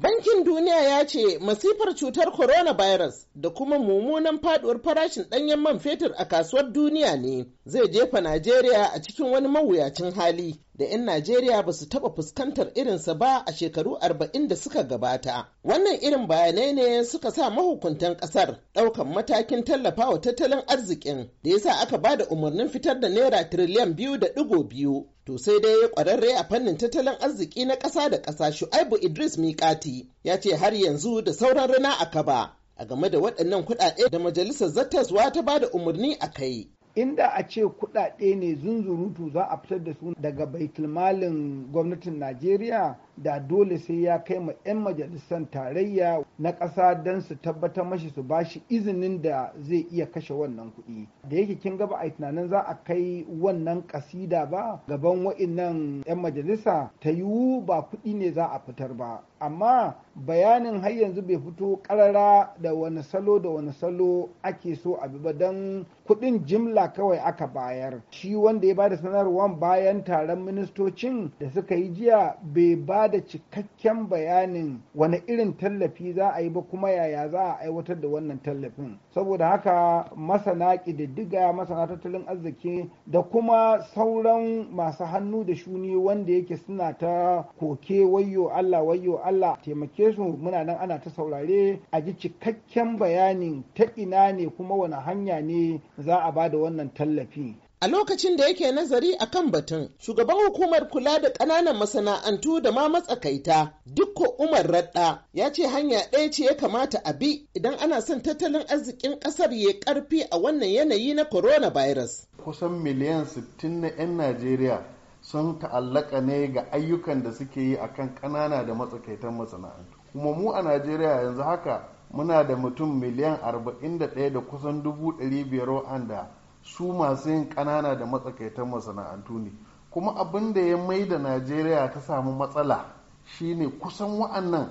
Bankin Duniya ya ce masifar cutar coronavirus da kuma mummunan faduwar farashin ɗanyen man fetur a kasuwar duniya ne zai jefa Najeriya a cikin wani mawuyacin hali da 'yan Najeriya ba su taɓa fuskantar irinsa ba a shekaru arba'in da suka gabata. Wannan irin bayanai ne suka sa mahukuntan ƙasar ɗaukan matakin tallafawa tattalin arzikin da ya sa aka ba da umarnin fitar da naira tiriliyan biyu da ɗigo biyu. To sai dai ya ƙwararre a fannin tattalin arziki na ƙasa da ƙasa Shu'aibu Idris Mikati ya ce har yanzu da sauran rana a ba, a game da waɗannan kuɗaɗe da majalisar zattaswa ta ba da umarni a kai. inda a ce kuɗaɗe ne zunzurutu za a fitar da su daga baitulmalin gwamnatin najeriya da dole sai ya kai ma 'yan majalisar tarayya na ƙasa don su tabbatar mashi su ba shi izinin da zai iya kashe wannan kuɗi da yake kin gaba a tunanin za a kai wannan ƙasida ba gaban wa'innan 'yan majalisa ta yiwu ba kuɗi ne za a fitar ba amma bayanin har yanzu bai fito karara da wani salo da wani salo ake so a bi ba, don kuɗin jimla kawai aka bayar shi wanda ya ba da sanarwar bayan taron ministocin da suka yi jiya bai ba ba da cikakken bayanin wani irin tallafi za a yi ba kuma yaya za a aiwatar da wannan tallafin saboda haka masana ƙididdiga masana tattalin arziki da kuma sauran masu hannu da shuni wanda yake suna ta koke wayyo allah wayyo allah taimake su muna nan ana ta saurare a ji cikakken bayanin ta ina ne kuma wani hanya ne za a bada wannan tallafi A lokacin da yake nazari a kan batun, shugaban hukumar kula da ƙananan masana'antu da ma matsakaita, Dukko Umar Radda, ya ce hanya ɗaya ce ya kamata a bi idan ana son tattalin arzikin ƙasar ya ƙarfi a wannan yanayi na coronavirus. Kusan miliyan 60 na 'yan Najeriya sun ta'allaka ne ga ayyukan da suke yi a kan ƙanana da matsakaitan masana'antu. Kuma mu a Najeriya yanzu haka muna da mutum miliyan 41 da kusan 500 wa'anda su masu yin ƙanana da matsakaitan masana'antu ne kuma abin da ya mai da najeriya ta samu matsala shine kusan wa'annan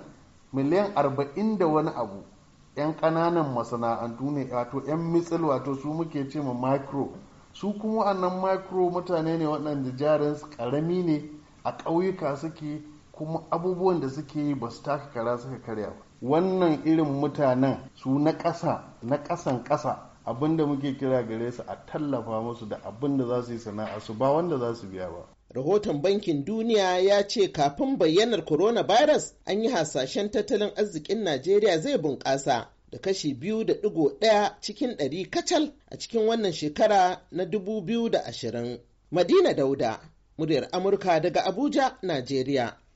miliyan arba'in da wani abu 'yan ƙananan masana'antu ne wato 'yan mitsil wato su muke ce ma micro su kuma wa'annan micro mutane ne waɗanda jarin karami ne a ƙauyuka suke kuma abubuwan da suke yi ba su taka kara suka karya ba wannan irin mutanen su na ƙasa na ƙasan ƙasa abinda muke kira gare su a tallafa musu da abinda za su yi sana'a su ba wanda za su biya ba rahoton bankin duniya ya ce kafin bayyanar coronavirus an yi hasashen tattalin arzikin najeriya zai bunƙasa da kashi biyu da ɗigo ɗaya cikin ɗari kacal a cikin wannan shekara na dubu biyu da ashirin madina dauda muryar amurka daga abuja najeriya